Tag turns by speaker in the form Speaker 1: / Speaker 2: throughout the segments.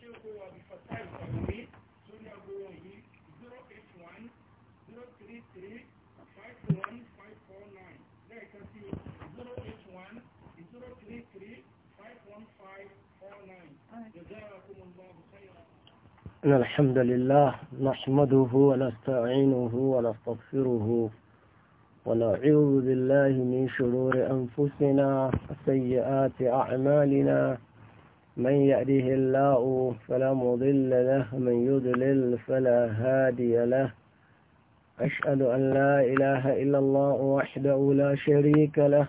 Speaker 1: جزاكم الله خيرا.
Speaker 2: إن الحمد لله نحمده ونستعينه ونستغفره ونعوذ بالله من شرور أنفسنا وسيئات أعمالنا من يأديه الله فلا مضل له من يضلل فلا هادي له أشهد أن لا إله إلا الله وحده لا شريك له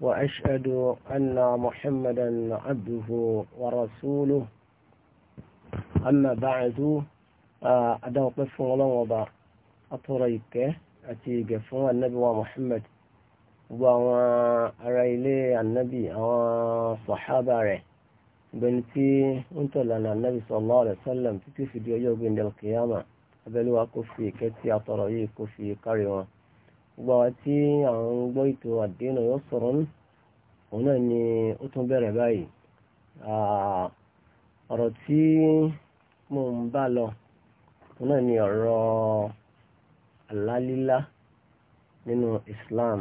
Speaker 2: وأشهد أن محمدا عبده ورسوله أما بعد آه، أدوقف الله وضع أطريك أتيك فهو النبي ومحمد وعلى النبي وصحابه bẹni tí ń tọ̀lá ní anábì sallallahu alaihi wasallam títí fìdí ọjọ́ gbẹ̀ndẹ̀ kìyàmà abẹ́lúwa kò fi ìkẹ́ tí a tọrọ yìí kò fi kárí wọn. gbogbo àwọn tí àwọn ń gbọ́ ètò àdéhùn yóò sọ̀rọ̀ òun náà ni ó tún bẹ̀rẹ̀ báyìí. ọ̀rọ̀ tí mò ń bá lọ òun náà ni ọ̀rọ̀ àlálílá nínú Islam.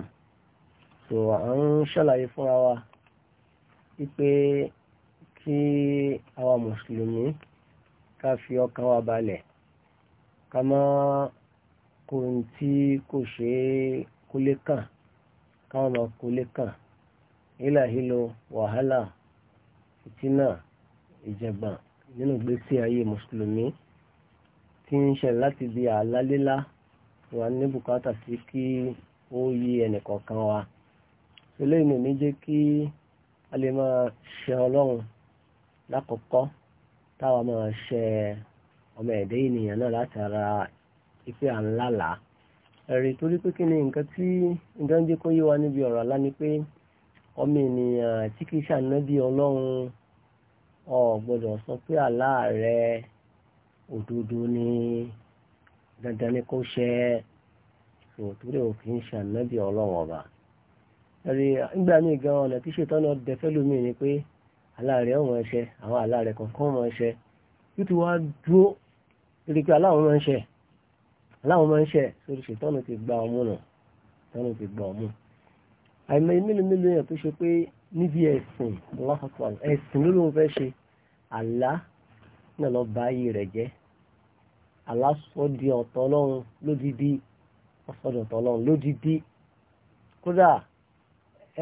Speaker 2: so à ń ṣàlàyé fúnra wa wípé kí àwa mùsùlùmí ká fi ọkàn wa balẹ̀ ká má kó ohun tí kò ṣe é kólé kàn káwọn máa kólé kàn hílàhílo wàhálà fìtínà ìjàngbọ̀n nínú ìgbésí ayé mùsùlùmí tí ń ṣẹlẹ̀ láti di àlálélá wà ní bùkátà sí kí ó yí ẹnìkọ̀ọ̀kan wa. eléyìí ní jẹ́ kí a lè máa ṣe ọlọ́run lákọ̀ọ́kọ́ táwọn ọmọ ṣe ọmọ ẹ̀dẹ́ ènìyàn náà látara ipe à ń lálà torí pé kí ni nǹkan tí nǹkan jẹ́ kó yé wa níbi ọ̀rọ̀ àlá ni pé ọmọ ènìyàn tí kì í ọlọ́run gbọ́dọ̀ sọ pé àlá rẹ òdodo ni dandan ni kó ṣe é torí ò kì ọlọ́run ọba ẹ̀rí nígbà míì gan ọ̀nà tí ṣètọ́nà dẹfẹ́ lómi ni pé aláàrẹ ọmọ ẹṣẹ àwọn aláàrẹ kọ̀ọ̀kan ọmọ ẹṣẹ yóò ti wá dúró lórí pé aláwọn máa ń ṣẹ aláwọn máa ń ṣẹ sórí ṣètọ́nù ti gba ọmú nà tọ́nù ti gba ọmú. àìmọ̀ mélòó mélòó yẹn tó ṣe pé níbi ẹ̀sìn lọ́kọ̀ọ̀kọ̀ ẹ̀sìn ló lóun fẹ́ ṣe àlá náà lọ bá ayé rẹ̀ jẹ́ àlá sọ di ọ̀tọ̀ ọlọ́run lódìdí ọ̀sọ̀dọ̀tọ̀ ọlọ́run lódìdí kódà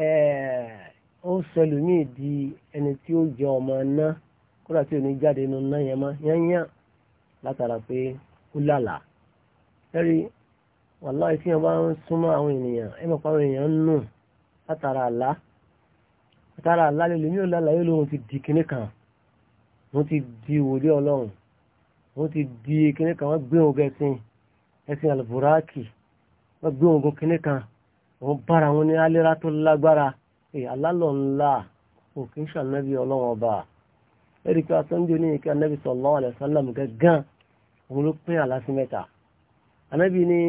Speaker 2: ẹ̀ẹ́ ó sẹlòmíì di ẹni tí ó jẹ ọmọ ná kódà tí ò ní jáde nínú ná yẹn mọ́ yányán látara pé ó lálà ẹ̀rí wàláì tí wọ́n bá ń súnmọ́ àwọn ènìyàn ẹ̀ mọ̀ pa èèyàn ń nù látara àlá látara àlá lèlòmíì ò lálà yóò lóun ti di kinní kan wọ́n ti di wòlé ọlọ́run wọ́n ti di kinní kan wọ́n gbé òun gẹ̀ẹ́sìn ẹ̀sìn àlùbùrákì wọ́n gbé òun gun kinní kan wọ́n bára wọn ní alẹ́ra tó lágbára àlálọ̀ ńlá òkè ń ṣànẹ́bí ọlọ́wọ́n ọba ẹ̀ríkà sọ́njú ní ìkẹ́ anẹ́bí sallallahu alaihi wasallam gángan òun ló pín àlásí mẹ́ta anẹ́bí ní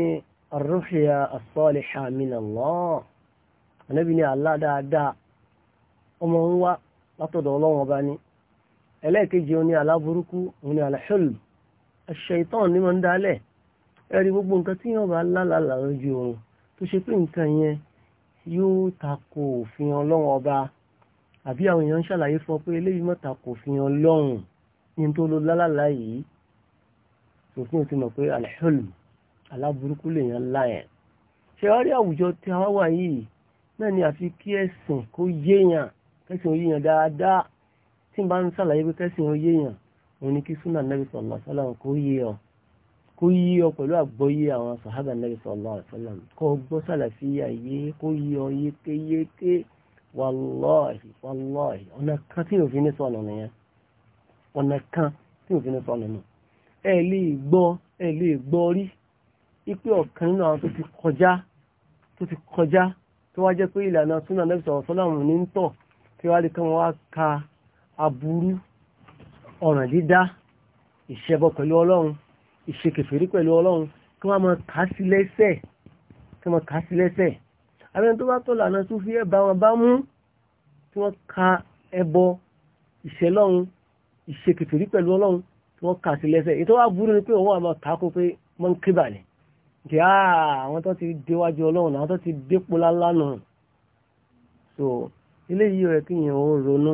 Speaker 2: arruhiya as-salihah min Allah anẹ́bí ní àlá dáadáa ọmọ ń wá látọ̀dọ̀ ọlọ́wọ́n ọba ní ẹlẹ́ẹ̀kejì òun ní àlá burúkú òun ní al-hulm ash-shaytan ní mọ̀ ń dálẹ̀ ẹ̀rí gbogbo nǹkan tí yóò bá lálàá lójú oorun tó ṣe pé nǹkan yẹn yóò takò òfin ọlọ́run ọba àbí àwọn èèyàn ń ṣàlàyé fún ọ pé eléyìí mọ̀ takò òfin ọlọ́run ní tó ló lálàlá yìí òfin ò ti mọ̀ pé alhulm aláburúkú lèèyàn láyẹn ṣe wá rí àwùjọ tí a wá wà yìí náà ni àfi kí ẹ̀sìn kó yéèyàn kẹ́sìn ó yéèyàn dáadáa tí n bá ń ṣàlàyé pé kẹ́sìn ó yéèyàn òun ni kí súnà nàbì sallallahu alaihi kó yé ọ kó yí ọ pẹ̀lú àgbọ́yé àwọn sàhábà nàbì sallallahu alaihi wasallam kó gbọ́ sàlàfíà yé kó yí ọ yékéyéké wàláhì wàláhì ọ̀nà kan tí òfin ní sọ̀nà nìyẹn ọ̀nà kan tí òfin ní sọ̀nà nù ẹ lè gbọ́ ẹ lè gbọ́ rí ipe ọ̀kan nínú àwọn tó ti kọjá tó ti kọjá tó wá jẹ́ pé ìlànà súnà nàbì sallallahu alaihi ní tọ̀ tí wá lè kọ́ wọn wá ka aburú ọ̀ràn dídá ìṣẹ́bọ pẹ̀lú ọlọ́run ìṣekèfèrí pẹ̀lú ọlọ́run kí wọ́n máa kà á sí lẹ́sẹ̀ kí wọ́n kà á sí lẹ́sẹ̀ abẹ́ni tó bá tọ́ lànà tó fi ẹ̀bà wọn bá mú tí wọ́n ka ẹbọ ìṣẹ́lọ́run ìṣekèfèrí pẹ̀lú ọlọ́run tí wọ́n kà á sí lẹ́sẹ̀ ètò wa burú ni pé òun àmọ́ kà á kó pé wọ́n ń ké bàlẹ̀ kí á àwọn tó ti déwájú ọlọ́run àwọn tó ti dépò lálánà so eléyìí rẹ̀ kí yẹn ò ronú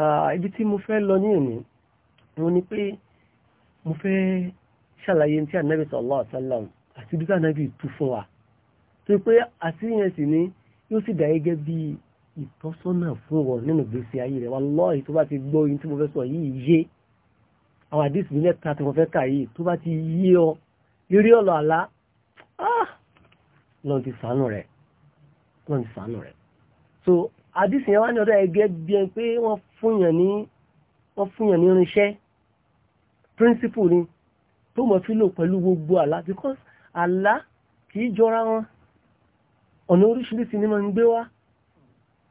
Speaker 2: ah, ibi tí mo fẹ́ lọ ní èmi mo ní pé mo fẹ́ ṣàlàyé tí ànábì sallallahu alaihi wasallam àti bí kánábì tú fún wa tó pé àti ni yóò sì dà gẹ́gẹ́ bí ìtọ́sọ́nà fún wọn nínú ìgbésí ayé rẹ̀ wallahi tó bá ti gbọ́ yín tí mo fẹ́ sọ yìí yé àwọn àdìsí mi mẹ́ta tí mo fẹ́ kà yìí tó bá ti yé ọ lórí ọ̀lọ́ àlá ah! lọ́n ti sànù rẹ̀ lọ́n ti sànù rẹ̀ so àdìsí yẹn wá ní ọ̀dọ̀ ẹgẹ́ bí ẹn pé wọ́n fún yàn ní irinṣẹ́ principle ni tó mọ̀ fílò pẹ̀lú gbogbo àlá because àlá kìí jọra wọn ọ̀nà oríṣiríṣi ni máa ń gbé wá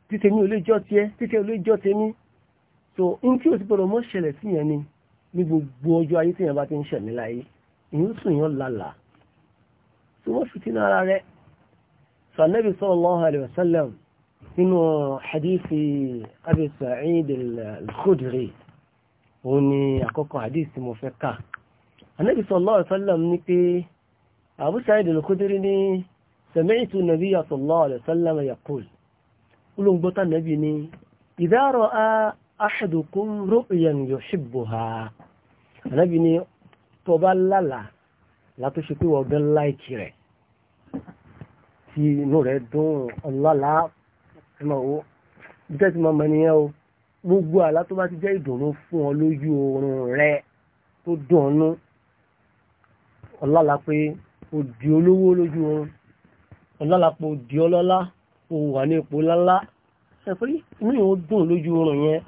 Speaker 2: títẹ̀ mi ò lè jọ tiẹ̀ títẹ̀ ò lè jọ tèmi so n tí o ti gbọdọ̀ mọ́ ṣẹlẹ̀ sí yẹn ni ní gbogbo ọjọ́ ayé tí yẹn bá ti ń ṣẹ̀mí láyé ìyẹn sùn yẹn lálà so wọ́n fi tínú ara rẹ̀ so sallallahu alayhi wa sallam nínú hadithi abi sa'id khudri òun ni àkọ́kọ́ hadith mo fẹ́ kà النبي صلى الله عليه وسلم نكي أبو سعيد الخدري سمعت النبي صلى الله عليه وسلم يقول قلوا بطا النبي إذا رأى أحدكم رؤيا يحبها النبي ني طبال لا لا تشكي وقال لا يكيري في نور الدون الله لا ما هو بتاتي ما منيه gbogbo àlá tó bá ti jẹ́ ìdùnnú fún ọ lójú oorun rẹ tó dùn ọ́nú ọlọ́la pé o di olówó lójú oorun ọlọ́la pé o di ọlọ́lá o wà ní ipò lálá ẹ pé inú yóò dùn lójú oorun yẹn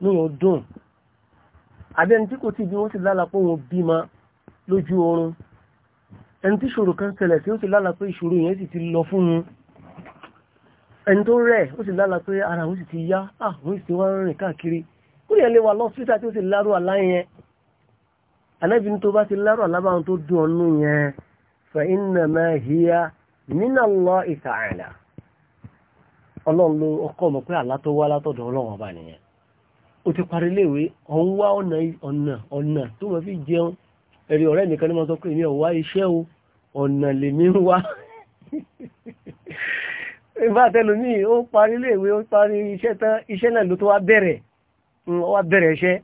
Speaker 2: inú yóò dùn àbẹ́ni tí kò tí bí wọ́n ti lála pé òun bímọ lójú oorun ẹni tí ìṣòro kan ṣẹlẹ̀ sí ó sì lálàá ìṣòro yẹn sì ti lọ fún un ẹni tó rẹ̀ ó sì lálàá ara òun sì ti yá àwọn ah, ìsìn wá ń rìn káàkiri ó yẹn lè wà lọ́sítà tí ó sì lárú àlá yẹn anábì ní tó bá ti lárò alábàáhùn tó dùn ọ̀nù yẹn fa innama hiya minallahi ta'ala ọlọ́run ló ọkọ̀ mọ̀ pé àlá tó wá látọ̀dọ̀ ọlọ́run ọba nìyẹn ó ti parí léèwé ọ̀hún wá ọ̀nà ọ̀nà ọ̀nà tó mọ̀ fi jẹun ẹ̀rí ọ̀rẹ́ nìkan ní mọ́ sọ pé èmi ọ̀wá iṣẹ́ o ọ̀nà lèmi ń wá ìbá tẹlùmí ó parí léèwé ó parí iṣẹ́ tán iṣẹ́ náà ló tó wá bẹ̀rẹ̀ wá bẹ̀rẹ̀ iṣẹ́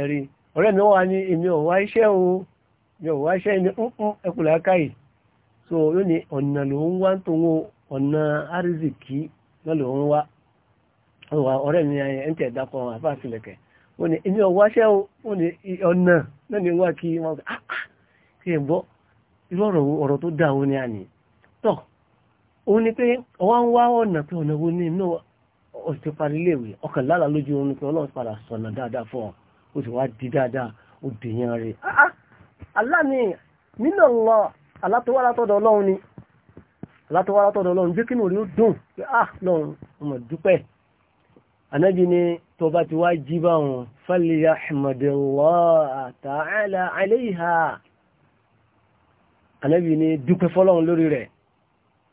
Speaker 2: ẹ̀rí ọ̀rẹ́ mi wà ní èmi iṣẹ́ o mi ò wá iṣẹ́ ní ẹkùnlẹ̀ akáyì so yóò ní ọ̀nà lòun wá tó wọn ọ̀nà àrísìkí náà lòun wá ọ̀rẹ́ mi ń tẹ̀ dákọ̀ wọ́n ní èmi ò iṣẹ́ o wọ́n ní ọ̀nà wá kí wọ́n ah, ah, kí irú ọ̀rọ̀ tó wọn ni a nì òun ni pé ọwọ́ ń wá ọ̀nà pé ọ̀nà wo ni parí ọkàn lálàá lójú oorun pé ọlọ́run padà sọ̀nà dáadáa fún ọ ó sì wá di dáadáa ó dèèyàn rẹ̀ ah, ah, aláàmì nínú ọ̀lọ́ alátọwálátọ̀dọ̀ ọlọ́run ni alátọwálátọ̀dọ̀ ọlọ́run jẹ́ kí ní orí ó dùn pé ah lọ́run ọmọ dúpẹ́ anábì ni tó bá ti wá jí bá wọn falyahmadillaha ta'ala alayha anábì ni dúpẹ́ fọ́lọ́run lórí rẹ̀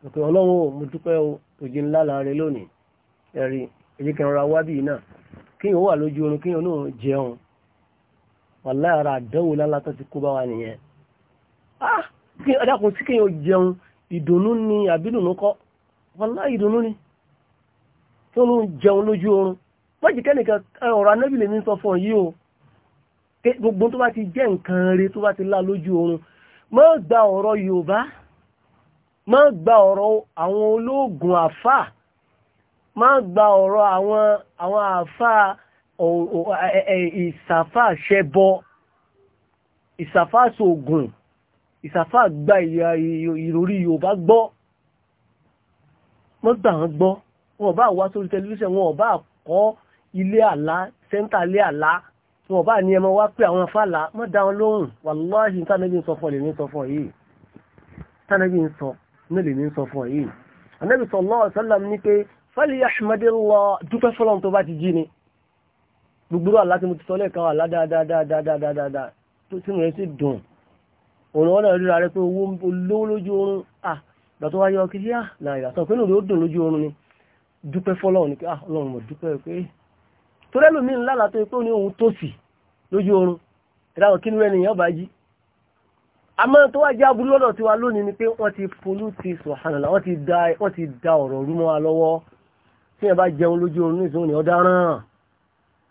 Speaker 2: ọ̀pẹ́ ọlọ́run ò mo dúpẹ́ òjì ńlá láàrin lónìí ẹ̀rí èyíkẹ́ ọ̀rọ̀ awábì náà kí wọ́n wà lójú oorun kí wọ́n náà jẹun wàlá ara àdánwò lálátọ́ ti kó bá wa nìyẹn ah kí ọdákun sí kéèyàn jẹun ìdùnnú ni àbídùnnú kọ́ wàlá ìdùnnú ni tó ń jẹun lójú oorun mọ́jì kẹ́nìkan ọ̀rọ̀ anábìlẹ̀ mi sọ fún yìí o gbogbo tó bá ti jẹ́ nǹkan rẹ tó bá ti lá lójú oorun má gba ọ̀rọ̀ Yorùbá má gba ọ̀rọ̀ àwọn olóògùn àfà má gba ọ̀rọ̀ àwọn àwọn àfà ìsàfàṣẹbọ ìsàfàṣoògùn ìsàfà gba ìròrí Yorùbá gbọ́ wọ́n gbà wọ́n gbọ́ wọn bá wá sórí tẹlifíṣàn wọn bá kọ́ ilé àlá sẹ́ńtà ilé àlá wọn bá ní ẹmọ wá pé àwọn afálà mọ́ dá wọn lóhùn wàláhì tánàbí ń sọ fún ọ̀lẹ́mí sọ fún yìí tánàbí ń sọ nílẹ̀ ní sọ fún yìí anábì sallallahu alaihi wasallam ní pé fal yahmadillah dúpẹ́ fọlọ́n tó bá ti jí ni gbogbo àlá tí mo ti àlá tó dùn ọ̀nà rẹ pé owó olówó lójú oorun à wáyé pé ó dùn lójú oorun ni dúpẹ́ ni pé à ọlọ́run mọ̀ dúpẹ́ pé tó rẹ́ lómi ńlá pé ó ní lójú oorun ìdáwọ̀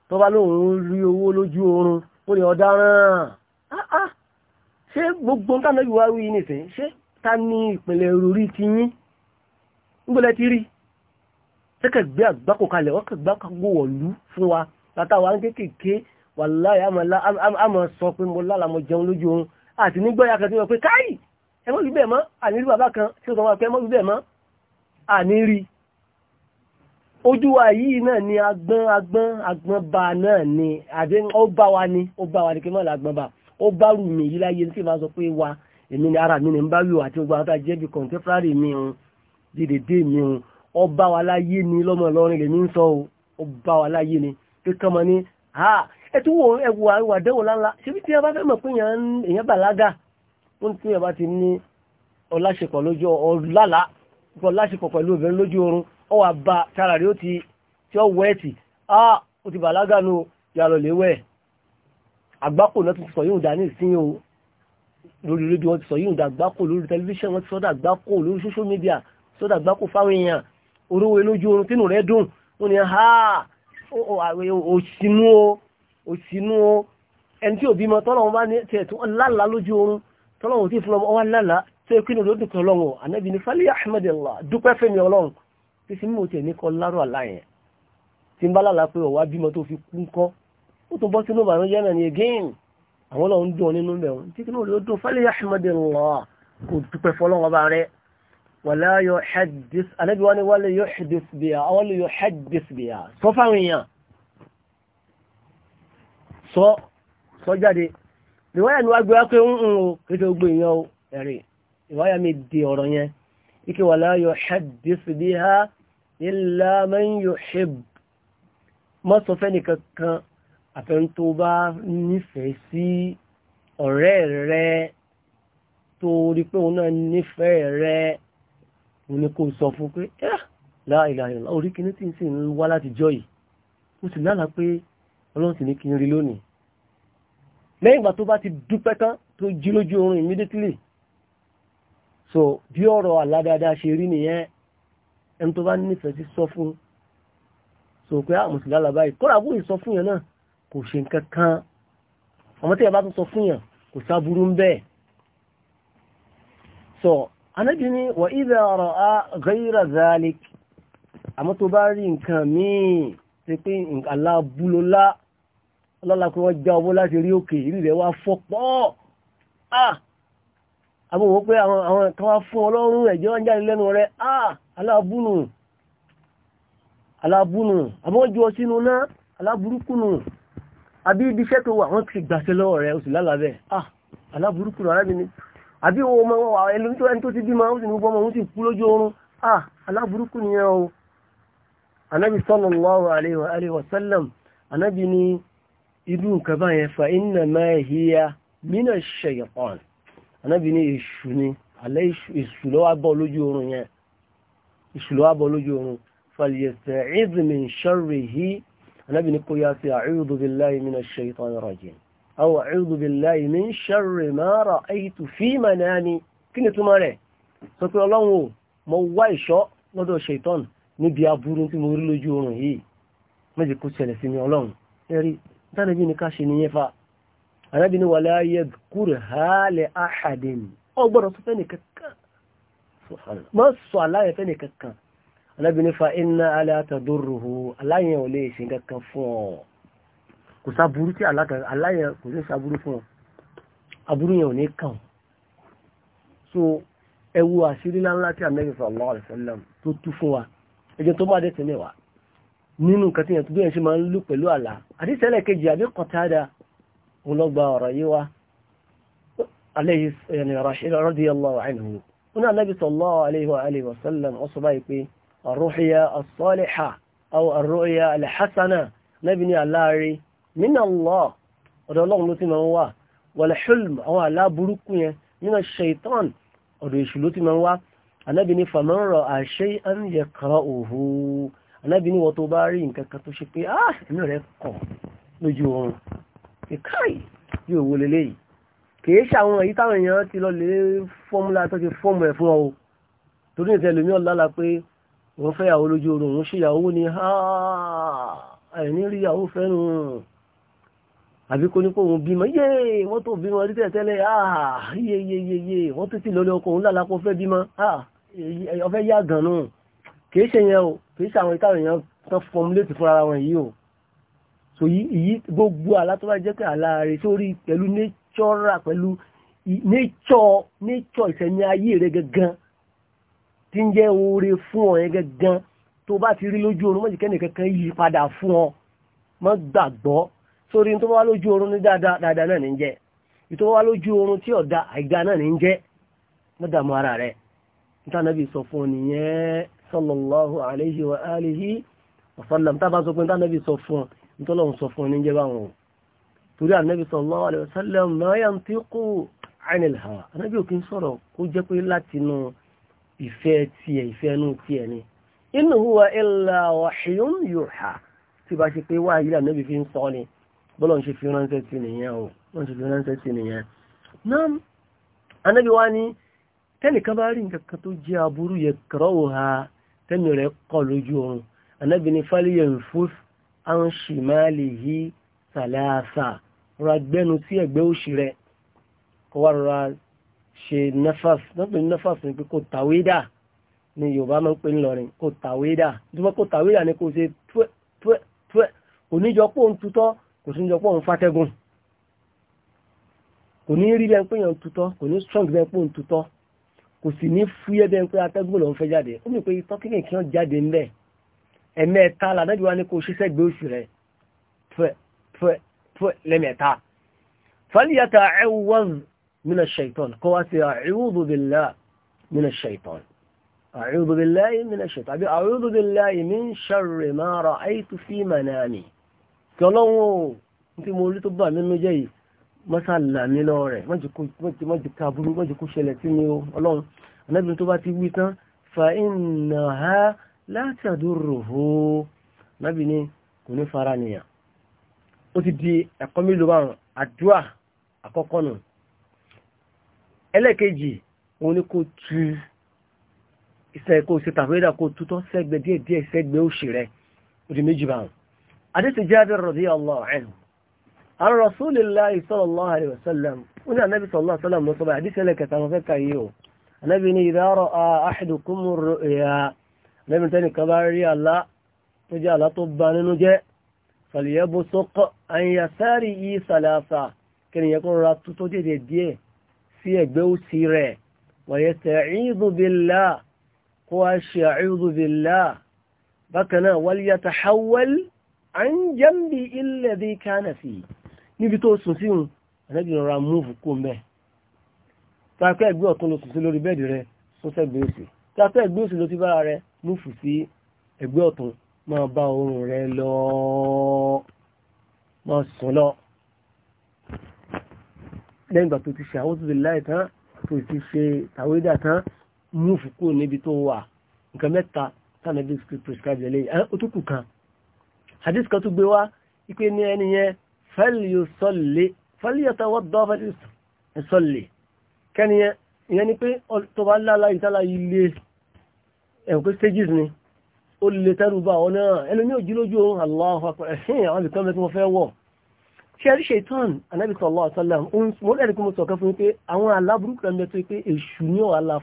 Speaker 2: tó bá lóun rí owó lójú oorun ó ní ọ̀daràn ah, ah. ṣé gbogbo nǹkan náà yóò wá wí nìsín ṣé ta ní ìpìlẹ̀ orí ti yín nígbòlẹ̀ ti rí tẹ́kẹ̀ gbé àgbákò kalẹ̀ wọ́n kẹ̀ gbákò wọ̀lú fún wa látàwọn kéékèèké wàláyé àmọ́ sọ pé mo lálàmọ́ jẹun lójú oorun àti nígbọ́ ya kẹtí wọ́n pé káì ẹmọ́ ìbẹ̀ mọ́ àníri bàbá kan tí wọ́n pé ẹmọ́ ìbẹ̀ mọ́ àníri ojú wa yìí náà ni agbọ́n agbọ́n agbọ́n ba náà ni àbí ó bá wa ni ó bá wa ni kí n má la agbọ́n ba ó bá rù mí yìí láyé tí màá sọ pé wa èmi ni ara mi ni ń bá wíwà àti gbogbo àwọn àjẹbí contemporary mi ń dìdèdè mi ń ó bá wa láyé ni lọ́mọ Ìlọrin lèmi ń sọ o ó bá wa láyé ni kíkan mọ ni ha ẹtú wo ẹwù àwọn àdéhùn láńlá ṣebí tí a bá fẹ́ mọ̀ pé èèyàn bàlágà ó tí a bá ti ní ọláṣepọ̀ lójú ọlálà ọ wà bá tara rí ó ti tí ó wẹ́ẹ̀tì á ó ti bàlágà nù yàrá léwẹ̀ àgbákò náà ti sọ yóò dá ní ìsín o lórí rédíò wọn ti sọ yóò dá àgbákò lórí tẹlifíṣàn wọn ti sọdá àgbákò lórí social media sọdá àgbákò fáwọn èèyàn orúwé lójú oorun tínú rẹ dùn wọn ni ha òṣìnú o òṣìnú o ẹni tí òbí mọ tọ́lọ́wọ́n bá ní tiẹ̀ tó lálàá lójú oorun tọ́lọ́wọ́n tí fúnlọ́wọ́ wá lálàá tó ẹkú ní olódùn kan lọ́wọ́ ànábì ní fálí ahmadillah dúpẹ́ fẹ́mi ọlọ́run tí sí mò tẹ̀ ní kọ́ lárò àlá yẹn tí ń bá lálà pé ọ̀wá bímọ tó fi kú kọ́ ó tún bọ́ sínú ìbànújẹ́ náà ní again àwọn náà ń dùn nínú bẹ̀rù tí kí náà ló dùn fálẹ̀ yahmadillah kò dúpẹ́ fọlọ́wọ́ bá rẹ̀ wala yuhaddis anábì wá ní wala yuhaddis biha àwọn lè yuhaddis biha sọ fáwọn èèyàn sọ sọ jáde ìwáyà ni wá gbé wá pé ń ń o kéde gbogbo èèyàn o ẹ̀rì ìwáyà mi di ọ̀rọ̀ yẹn ike wala yuhaddis biha illa man yuhib má sọ fẹ́ni kankan àfẹ́ni tó bá nífẹ̀ẹ́ sí ọ̀rẹ́ rẹ tó rí pé òun náà nífẹ̀ẹ́ rẹ òun ni kò sọ fún pé la ilaha illallah orí kìíní tí ń sì ń wá láti jọ yìí ó sì lálà pé ọlọ́run sì ní kí n rí lónìí lẹ́yìn ti dúpẹ́ tán tó jí lójú oorun immediately so bí ọ̀rọ̀ àládáadáa ṣe rí nìyẹn ẹni tó bá nífẹ̀ẹ́ sí sọ fún so pé á ah, mùsùlùmí alàbá yìí kọ́ra bó ìsọ fún yẹn náà kò ṣe nǹkan kan ọmọ tí yẹn bá tún sọ fún yẹn kò sáburú ń bẹ́ẹ̀ so anábì ni wà ìdá ọ̀rọ̀ á gẹ́rà zalik àmọ́ tó bá rí nǹkan míì ti pé aláàbúlọ́lá ọlọ́lá pé wọ́n àbúwò pé àwọn kan wá fún ọlọ́run ẹ̀jọ́ ń jáde lẹ́nu rẹ̀ ah aláàbùnù aláàbùnù àbọ́jú ọ sínú náà aláàbùrúkùnù àbí ibiṣẹ́ tó wà wọ́n ti gbàṣẹ lọ́wọ́ rẹ̀ oṣù lálàbẹ̀ ah aláàbùrúkùnù arábìnrin àbí ọmọ ẹni tó ti bímọ ó sì ní gbọ́mọ òun sì kú lójú oorun ah aláàbùrúkùnù yẹn o anábì sallallahu alaihi wa sallam anábì ní irú anábì ní èṣù ni alẹ́ èṣù lọ́wọ́ bọ́ lójú oorun yẹn èṣù lọ́wọ́ bọ́ lójú oorun falyasta'iz min sharrihi anábì ní kó yá sí a'udhu billahi minash shaytanir rajim aw a'udhu billahi min sharri ma ra'aytu fi manami kí ni túmọ̀ rẹ̀ sọ pé ọlọ́run ò mọ wá ìṣọ́ lọ́dọ̀ ṣètọ́n níbi aburú tí mo rí arábìnrin wà láyé kúrò hálẹ̀ àhàdìn ọgbọ́dọ̀ sọ fẹ́ni kankan ma sọ aláyẹ fẹ́ni kankan arábìnrin fa iná alátàdóròhó aláyẹ ò lè ṣe kankan fún ọ kò sáburú tí aláyẹ kò ní sáburú fún ọ aburú yẹn ò ní kàn so ẹ àṣírí ńláńlá tí Ànábì sallallahu olọ́gba ọ̀rọ̀ yìí wá radiyallahu anhu wọn náà Nabi sallallahu alayhi wa sallam ọsọ báyìí pé ar-ru'ya as-salihah aw ar-ru'ya al-hasana Nabi ní aláàrí min Allah ọ̀dọ̀ ọlọ́run ló ti máa ń wà wal-hulm àwọn aláburúkú yẹn min ash-shaytan ọ̀dọ̀ èṣù ló ti máa ń wá anábi ní faman ra'a shay'an yakra'uhu anábi ní wọ́n tó bá rí nǹkan kan tó ṣe pé ah ẹ̀mí rẹ̀ kọ̀ lójú oorun ìkáì yóò wo lélẹ́ yìí kìí ṣàwọn èyí táwọn èèyàn ti lọ lè fọ́múlà tó ti fọ́mù ẹ̀ fún ọ torí ìtẹ́ lómi ọ̀lála pé wọ́n fẹ́ yàwó lójú oorun òun ṣèyàwó ni àìní rí yàwó fẹ́nu àbí kò ní kó òun bímọ yé wọ́n tó bímọ rí tẹ́tẹ́lẹ̀ yé yé yé yé wọ́n tó ti lọ́lẹ́ ọkọ òun lálá kó fẹ́ bímọ ọfẹ́ yá gan nù kìí ṣe yẹn o kìí ṣàwọn ìtàwọn èèyàn tán fọmúlẹ́tì fúnra wọn yìí o so yìí gbogbo àlá tó bá jẹ́ pé àlá rẹ̀ sórí pẹ̀lú nẹ́tọ́rà pẹ̀lú nẹ́tọ́ ìsẹ̀mí ayé rẹ̀ gangan tí ń jẹ́ oore fún ọ yẹn gangan tó bá ti rí lójú oorun mọ́jì kẹ́nì kankan yí padà fún ọ mọ́ gbàgbọ́ sórí tó wá lójú oorun ní dáadáa náà ní jẹ́ ìtọ́ wá lójú oorun tí ọ̀dà àìgbà náà ní jẹ́ mọ́dàmú ara rẹ̀ nítànàbí sọ fún nìyẹn sallallahu alaihi wa alihi wa sallam tábà sọ pé nítànàbí sọ fún ọ nítọ́lọ́run sọ fún oníjẹ́ báwọn o torí ànábì sallallahu alaihi wasallam ma yantiqu anil hawa ànábì ò kí ń sọ̀rọ̀ kó jẹ́ pé látinú ìfẹ́ tiẹ̀ ìfẹ́ inú tiẹ̀ ni in huwa illa wahyun yuha tí bá ṣe pé wáyé ànábì fi ń sọ ni bọ́lọ̀ ń ṣe fi ránṣẹ́ sí nìyẹn náà ànábì wá ní tẹ́nìkan bá rí nǹkan tó jẹ́ aburú yẹ kọ́rọ̀ ha tẹ́nì rẹ̀ kọ́ lójú oorun ànábì ní fálíyẹ̀ ń fúfú an shimalihi sàlàsà rọra gbẹ́nu sí ẹ̀gbẹ́ òsì rẹ̀ kó wá rọra ṣe nafas lọ́pẹ̀ nafas ni pé kò tàwédà ni yorùbá máa ń pè ní lọ́rin kò tàwédà nígbà kò tàwédà ni kò ṣe tuẹ́ tuẹ́ tuẹ́ kò níjọ pé òun tutọ́ kò sí níjọ pé fàtẹ́gùn kò ní rí bẹ́ẹ̀ pé yàn tutọ́ kò ní strong bẹ́ẹ̀ pé òun tutọ́ kò sì ní fúyẹ́ bẹ́ẹ̀ pé atẹ́gùn lòún fẹ́ jáde ó mì pé tọ́kìnì ẹ̀mẹ́ta lànàbí wa ní kò ṣiṣẹ́ gbé oṣù rẹ̀ pẹ́ lẹ́mẹ̀ta fàlíyàtà ẹwọ́n mina ṣaitan kọ́ wá sí a'udhu billahi mina ṣaitan a'udhu billahi mina ṣaitan àbí a'udhu billahi min sharri ma ra'aytu fi manami kí ọlọ́run tí mo rí tó bá mi nú jẹ́ yìí mọ́sàlá mi lọ rẹ̀ mọ́jì látàdúròhó nábì ní kò ní fara nìyà ó ti di ẹ̀kọ́ mélòó báwọn àdúà àkọ́kọ́ nù ẹlẹ́ẹ̀kejì òun ni kò tu iṣẹ́ kò ṣe tàfẹ́dà kò tutọ́ sẹ́gbẹ́ díẹ̀ díẹ̀ sẹ́gbẹ́ òṣì rẹ̀ ó di méjì báwọn adéṣe Jabir radiyallahu anhu àwọn Rasulullah sallallahu alaihi wasallam ó ní anábì sallallahu alaihi wasallam lọ́sọ́bà àdéṣe ẹlẹ́kẹta wọn fẹ́ kàyé o anábì ní idha ra'a ahadukumur ru'ya lẹ́mìí tẹ́nìkan bá rí àlá tó jẹ́ àlá tó ba nínú jẹ́ fàlìyẹ́bó sọ́kọ̀ àyìnyà sáàrì yìí sàlàsà kẹ́nìyàn kó ra tó tó dèdè díẹ̀ sí ẹ̀gbẹ́ òsì rẹ̀ wàyẹ̀ sa'idhu billah kó wá ṣe a'udhu bákan náà wal yatahawwal an jambi alladhi kana fi níbi tó sùn sí wọn àlejò múùfù kó mbẹ́ tàbí ẹgbẹ́ ọ̀tún lọ sùn sí lórí bẹ́ẹ̀dì rẹ̀ sọ́sẹ̀ gbé òsì tàbí ẹgbẹ́ òsì ló ti bára rẹ̀ múfù sí ẹgbẹ́ ọ̀tún máa bá oorun rẹ lọ máa sùn lọ lẹ́yìn ìgbà tó ti ṣe àwọn òṣèlú láì tán tó ti ṣe tàwédà tán múfù kúrò níbi tó wà nǹkan mẹ́ta tánàbí prescribe lẹ́yìn ó tún kù kan hadith kan tó gbé wá ipe ní ẹni yẹn fẹ́lìyàtọ̀wọ́dọ́ fẹ́lìyàtọ̀wọ́dọ́ fẹ́lìyàtọ̀wọ́dọ́ kẹ́ni yẹn ni pé tó bá lálá ìtàlá ilé ẹ̀wọ̀n pé stages ni ó lè tẹ́rù bá ọ náà ẹnu ní òjú lójú ohun Allahu Akbar ẹ̀hìn àwọn ibìkan bẹ́ẹ̀ tí wọ́n fẹ́ wọ̀ ṣe rí ṣètàn ala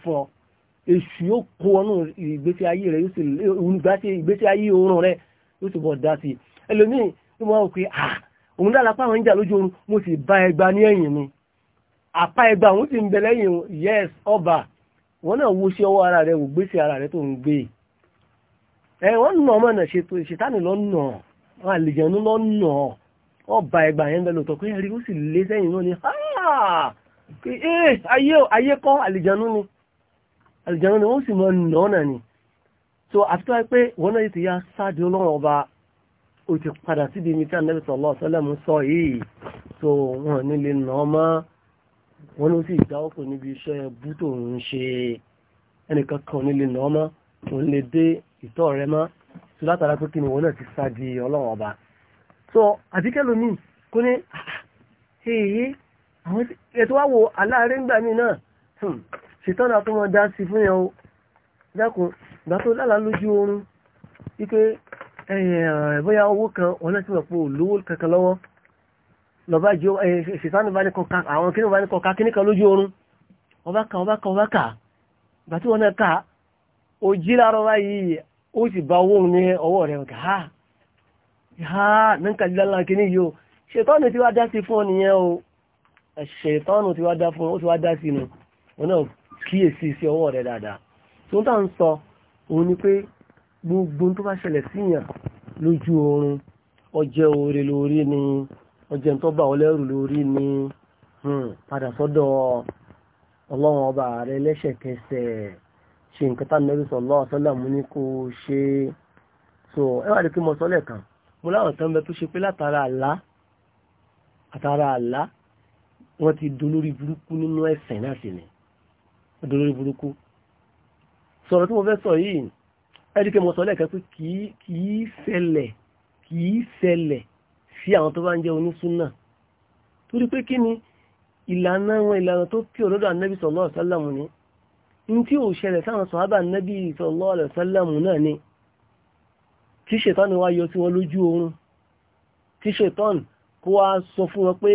Speaker 2: fún ọ èṣù yóò kó ọnù ìgbésí ayé rẹ yóò sì olùgbàsí ìgbésí ayé oorun rẹ yóò sì bọ̀ dá sí i ẹlòmíì ló máa ń pè à òun dára pa àwọn ìjà lójú oorun mo yes ọba wọ́n náà wo sí ọwọ́ ara rẹ̀ wò gbèsè ara rẹ̀ tó ń gbé ẹ wọ́n nà ọmọ náà ṣètò ìṣètánì lọ́nà àwọn àlejànú lọ́nà ọba ẹgbà yẹn bẹ́ẹ̀ lọ́tọ̀ pé ẹ̀rí ó sì lé sẹ́yìn náà ni ah! eh, ayé kọ́ àlejànú ni àlejànú ni wọ́n sì mọ nà ọ́nà ni so àfikún pé wọ́n náà ti ya sáàdì ọlọ́run ọba ó ti padà síbi ibi tí Ànábì sallallahu alaihi wasallam sọ yìí so wọn nílé nà ọmọ wọ́n ló sì ìdáwọ́ pò níbi iṣẹ́ bú tó ń ṣe ẹnìkan kan nílé nà ọmọ tó ń lè dé ìtọ́ rẹ mọ́ tó látara pé kí ni wọ́n náà ti sá di ọba so àtikẹ́ lomi kó ní èyí àwọn ètò àwò aláàárẹ̀ ńgbà mí náà hmm, ṣètọ́nà àtúmọ̀ dá sí fún yẹn o dákun ìgbà tó lálàá lójú oorun wípé ẹ̀yẹ̀ bóyá owó kan wọn náà ti mọ̀ pé olówó kankan lọ́wọ́ lọ́ba jẹ́ eh, ṣètánù bá ní kọ̀ọ̀ká àwọn kí ní bá ní kọ̀ọ̀ká kí ní kan lójú oorun ọba kà ọba kà ọba kà ìgbà tí wọ́n náà kà ó jí láàárọ̀ báyìí ó sì bá owó ní ọwọ́ rẹ̀ ọ̀gá ha ha nǹkan lílá kí ní yóò ṣètánù tí wá dá sí fún ọ nìyẹn o ṣètánù tí wá dá fún ó ti wá dá sí nu wọn náà kíyèsí sí ọwọ́ rẹ̀ dáadáa tó ń tà ń sọ òun ni pé gbogbo tó bá ṣẹlẹ̀ síyàn lójú oorun ọjẹ́ oore lórí ni ọjẹ́ tó bá ọ lẹ́rù lórí ni hmm, padà sọ́dọ̀ ọlọ́run ọba rẹ lẹ́sẹ̀kẹsẹ̀ ṣe nǹkan tá nẹ́rù sallallahu alaihi wasallam ní kó ṣe so ẹ wà ní kí mo sọ lẹ́ẹ̀kan mo láwọn tán bẹ tó ṣe pé látara àlá àtara àlá wọ́n ti dolórí burúkú nínú ẹ̀sìn náà sí ni dolórí burúkú sọ̀rọ̀ tí mo fẹ́ sọ yìí ẹ̀rí kí mo sọ lẹ́ẹ̀kan pé kì í ṣẹlẹ̀ kì í ṣẹlẹ̀ sí àwọn tó bá ń jẹ́ onísúnà torí pé kí ni ìlànà wọn ìlànà tó pí ọ̀dọ́dọ̀ anábì sallallahu alaihi wasallam ni ní tí ò ṣẹlẹ̀ sáwọn sọ̀hábà anábì sallallahu alaihi wasallam náà ni tí ṣètọ́nù wá yọ sí wọn lójú oorun tí ṣètọ́nù kó wá sọ fún wọn pé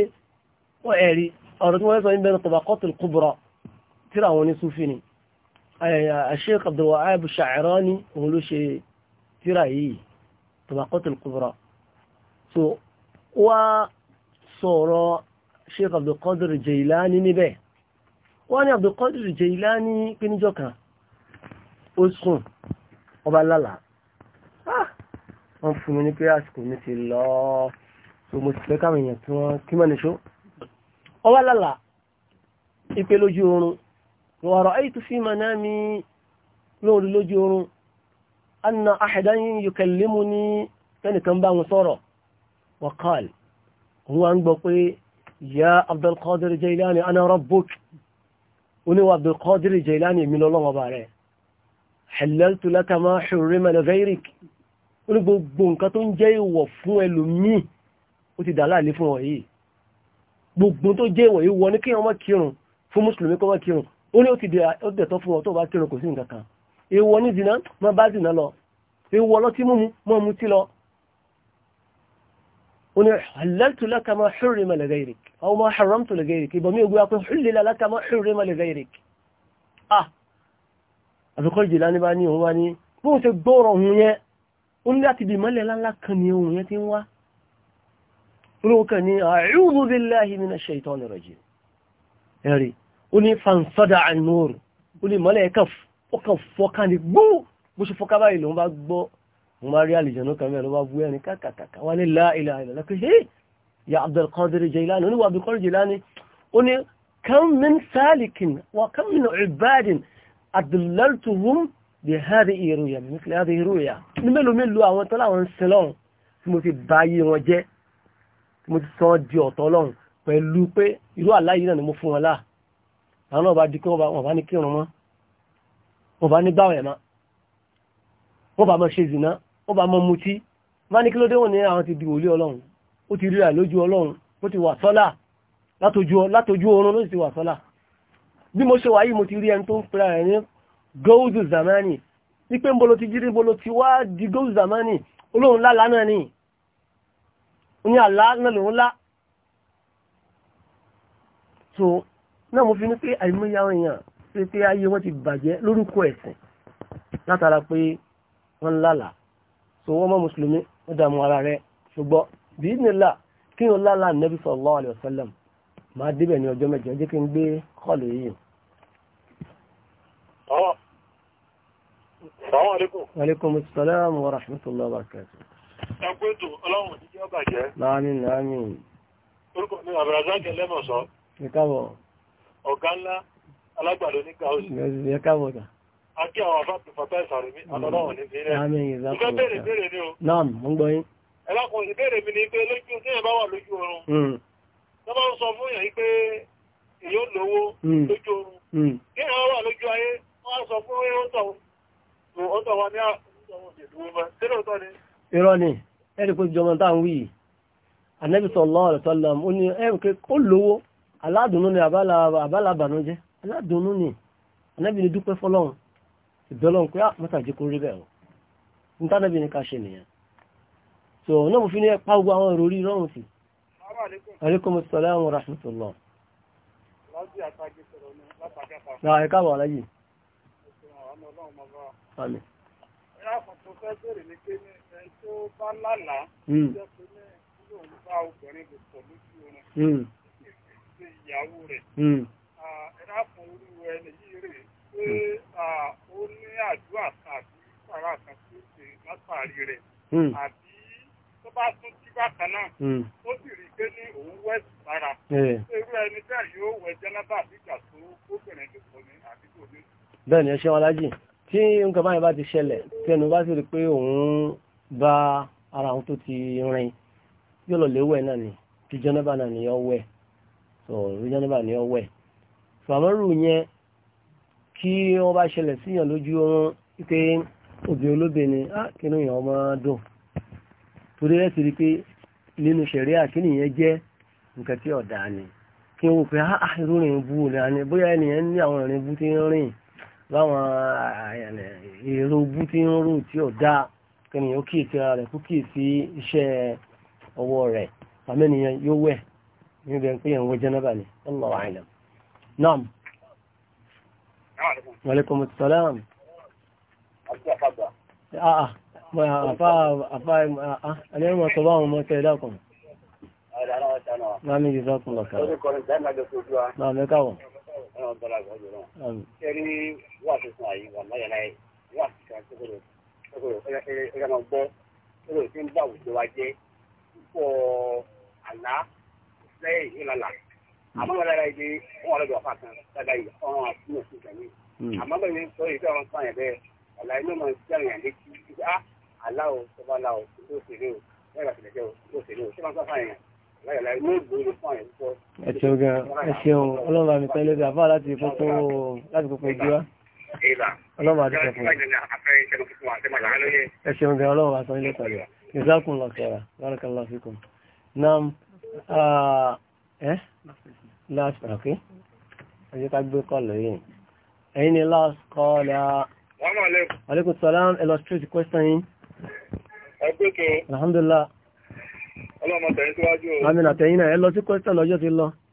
Speaker 2: wọ́n ẹ̀rí ọ̀rọ̀ tí wọ́n sọ ní bẹ̀rẹ̀ Tabaqatul Kubra tíra àwọn onísúfì ni Sheikh Abdul Wahab Sha'rani òun ló ṣe tíra yìí Tabaqatul Kubra so wá sọ̀rọ̀ sheikh abdulkadir Jailani níbẹ̀ wọ́n ní abdulkadir Jailani píníjọ́ kan ó sùn ọba lálàá ah! wọ́n fún mi ní pé àsìkò mi ti lọ so mo ti fẹ́ káwọn èèyàn tí wọ́n kí mọ́ni ṣó ọba lálàá ipe lójú oorun wa ra'aytu fi manami lóòrùn lójú oorun anna ahadan yukallimuni fẹ́nìkan bá wọn sọ̀rọ̀ وقال هو أنبقي يا عبد القادر جيلاني أنا ربك ونو عبد القادر جيلاني من الله وبارك حللت لك ما حرم لغيرك ونو gbogbo nǹkan tó ń jẹ́ ìwọ̀ fún ẹlòmíì ó ti dàlá àlè fún ọ yìí gbogbo tó jẹ́ ìwọ̀ yìí wọ ní kí wọ́n má kírun fún mùsùlùmí kọ́ má kírun ó ní ó ti dẹ̀tọ́ fún ọ tó bá kírun kò sí nǹkan kan ìwọ ní zina má bá zina lọ ìwọ ọlọ́tí mímu má mutí lọ ó ní halaltu laka ma hurrima li ghayrik aw ma haramtu li ghayrik ìbọ̀mí ogun apẹ́ hullila laka ma hurrima li ghayrik ah àfikọ́ ìjìlá ní bá ní òun wá ní bóun ṣe gbọ́rọ̀ òun yẹn ó ní láti bí mọ́lẹ̀ láńlá kan ní òun yẹn ti ń wá olóòkàn ní a'udhu billahi minash shaitani rajim ẹ̀rí ó ní fansada an-nur ó ní mọ́lẹ̀ ẹ̀kan fọ́kàn ní gbó bó ṣe fọ́ká báyìí lòun bá gbọ́ mo máa rí àlìjẹ̀nú kan mẹ́rin ló bá bú ẹ̀rin kàkàkàkà wá ní láìlà ìlànà kí ṣe ya Abdulkadir Jailani oníwà Abdulkadir Jailani ó ní kan min salikin wa kan min ibadin adlaltuhum bi hadhihi ìrúyà mithli hadhihi ìrúyà ní mélòó mélòó àwọn tọ́lá àwọn sẹlọ́n tí mo fi bá yé wọn jẹ́ tí mo ti sọ di ọ̀tọ̀ Ọlọ́run pẹ̀lú wọ́n bá mọ́ ṣe zìnà ó bá mọ mutí máa ní kí ló dé wọn ní àwọn ti di wòlé ọlọ́run ó ti ríra lójú ọlọ́run ó ti wà sọ́là látòjú oorun ló ti wà sọ́là bí mo ṣe wà yìí mo ti rí ẹni tó ń pera rẹ̀ ní góòzù zamani wípé ń bolo ti jírí bolo ti wá di góòzù zamani olóhun lálá náà ni ní àlá náà lòun lá so náà mo fi ní pé àìmọye àwọn èèyàn pé pé ayé wọn ti bàjẹ́ lórúkọ ẹ̀sìn látara pé wọ́n lálàá so wọ́n mọ́ mùsùlùmí ó dààmú ara rẹ̀ ṣùgbọ́n bíi nílà kí n lálà nẹ́bí sallallahu alaihi wasallam máa débẹ̀ ní ọjọ́ mẹ́jọ jẹ́ kí n gbé kọ́ọ̀lù yìí. Assalamu alaikum. Wa alaikum assalam wa rahmatullahi wa barakatuh.
Speaker 1: Ẹgbẹ́ ètò ọlọ́run ní jẹ́ ọbàjẹ́.
Speaker 2: Láàmì
Speaker 1: Orúkọ mi Abdulrazak Ẹlẹ́mọ̀sọ́. Ẹ̀kábọ̀. Ọ̀gá ńlá alágbàdo ní Gáúsì. Ẹ̀kábọ̀ kan àti àwọn àfáàtì fàtà ìsàrùmí àtọ́lọ́wọ̀n ní sílẹ̀. ìfẹ́ bèèrè bèèrè ní o.
Speaker 2: náà mo ń gbọ́ yín.
Speaker 1: ẹlákùn ìbéèrè mi ni pé lójú tí ẹ bá wà lójú oorun. Hmm. tó bá ń sọ fún yàn pé èyí ó lówó hmm. lójú oorun. kí hmm. ẹ wà lójú ayé wọ́n á sọ fún ọ̀tọ̀ wa ní àwọn
Speaker 2: irọ́ ni ẹ̀rì pé jọmọ táà ń wí yìí Ànábì sallallahu alaihi wasallam ó ní ẹ̀rùkẹ́ ó lówó aládùnú ni àbálàbànújẹ́ aládùnú ni Ànábì dúpẹ́ fọ́lọ́run ìbẹ́lọ́n pé ah, mọ́tàjí kó rí bẹ́ẹ̀ o ní tánàbí ní ká ṣe nìyẹn so náà mo fi ní ẹpá gbogbo àwọn èrò orí rọrùn sí alaikum salaam wa rahmatullah náà ẹ̀ká wà láyé
Speaker 1: ìyàwó rẹ̀ ẹ̀rá fún orú ẹni pé ó ní àdúrà kan àbí sàrà kan tí ó ṣe látàrí rẹ̀ hmm. àbí tó bá tún jí bákan náà hmm. ó sì rí i pé ní òun wẹ̀sì lára eh. irú ẹni bẹ́ẹ̀ yóò wẹ̀ jẹ́nàbà àbíjà tó gómìnà tó kọ́ ní àdúgbò ní.
Speaker 2: bẹ́ẹ̀ ni ẹ ṣeun alájì tí nǹkan báyìí bá ti ṣẹlẹ̀ tí ẹnu bá sì rí i pé òun bá ara òun tó ti rìn yóò lọ léwẹ̀ náà ni kí jẹ́nàbà náà ni ó wẹ̀ so jẹ́nàbà ni ó wẹ̀ yẹn tí wọ́n bá ṣẹlẹ̀ síyàn lójú wọn pé obìnrin olóbìnrin á ah, kínú yàn ọmọ dùn torí ẹ ti rí pé nínú ṣẹ̀rí àkínìyàn jẹ́ nǹkan tí ọ̀dà ni kí wọ́n pé ah, ah, irú rìn bú rẹ̀ ni bóyá ènìyàn ní àwọn rìn bú tí ń rìn láwọn èrò bú tí ń rò tí ọ̀dà kẹnìyàn ó kíyèsí ara rẹ̀ kó kíyèsí iṣẹ́ ọwọ́ rẹ̀ àmẹ́nìyàn yóò wẹ̀ níbẹ̀ pé yẹn wọ jẹ́nàbà ni Allahu a'lam. Naam. Wàlékùnmù sọ́lám. Àlẹ́rìnmọ̀ sọ bá ما ọmọ tẹ́ dákùn. Láàmì yìí sọ́kùn lọ kàrà. Láàmì káwọ̀.
Speaker 1: Ẹni wà tó sùn àyí wà láyẹ̀ wà tó sùn àti ẹgbẹ̀rẹ̀ ọgbọ́ ẹgbẹ̀rẹ̀ tí ń bá òjò jẹ́ púpọ̀ àlá lẹ́yìn
Speaker 2: ìlànà. Hmm. àmọ́ wọn lára ìdè wọn lọ́dọ̀ ọ̀fà kan lára ìdè ọ̀hún àtúnyẹ̀ sí ìkànnì àmọ́ bẹ́ẹ̀ ni sọ èyí tí wọ́n sàn yẹn bẹ́ẹ̀ inú mọ̀ sí àwọn yẹn létí ìdí á aláwọ̀ sọba aláwọ̀ tó ṣeré o lẹ́yìn àtìlẹ́jẹ́ o tó o tí wọ́n sọ fún àyàn láyọ̀lá inú ìgbòho fún àyàn ẹ ṣeun gan ẹ ṣeun ọlọ́run àmì pẹ́lú ẹgbẹ́ àfáà láti kókó láti kókó ojú wa ọlọ́run àti
Speaker 1: ṣẹ̀fún
Speaker 2: ẹ ṣeun gan ọlọ́run àti ọ̀yìn lẹ́tọ̀ọ̀lẹ́ ìzákùn lọ́sẹ̀rà bárakàlá fíkùn. nam ah, ẹ́ last okay ẹjẹ́ ká gbé kọlù yìí ẹ̀yìn ni last call ya alaikum salam illustrate question yìí ẹgbẹ́ kí alhamdulillah
Speaker 1: ọlọ́mọ tẹ̀yìn síwájú o amina
Speaker 2: tẹ̀yìn náà ẹ lọ sí question lọ́jọ́ ti lọ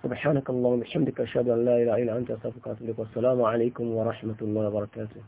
Speaker 2: سبحانك اللهم وبحمدك اشهد ان لا اله الا انت استغفرك واتوب اليك والسلام عليكم ورحمه الله وبركاته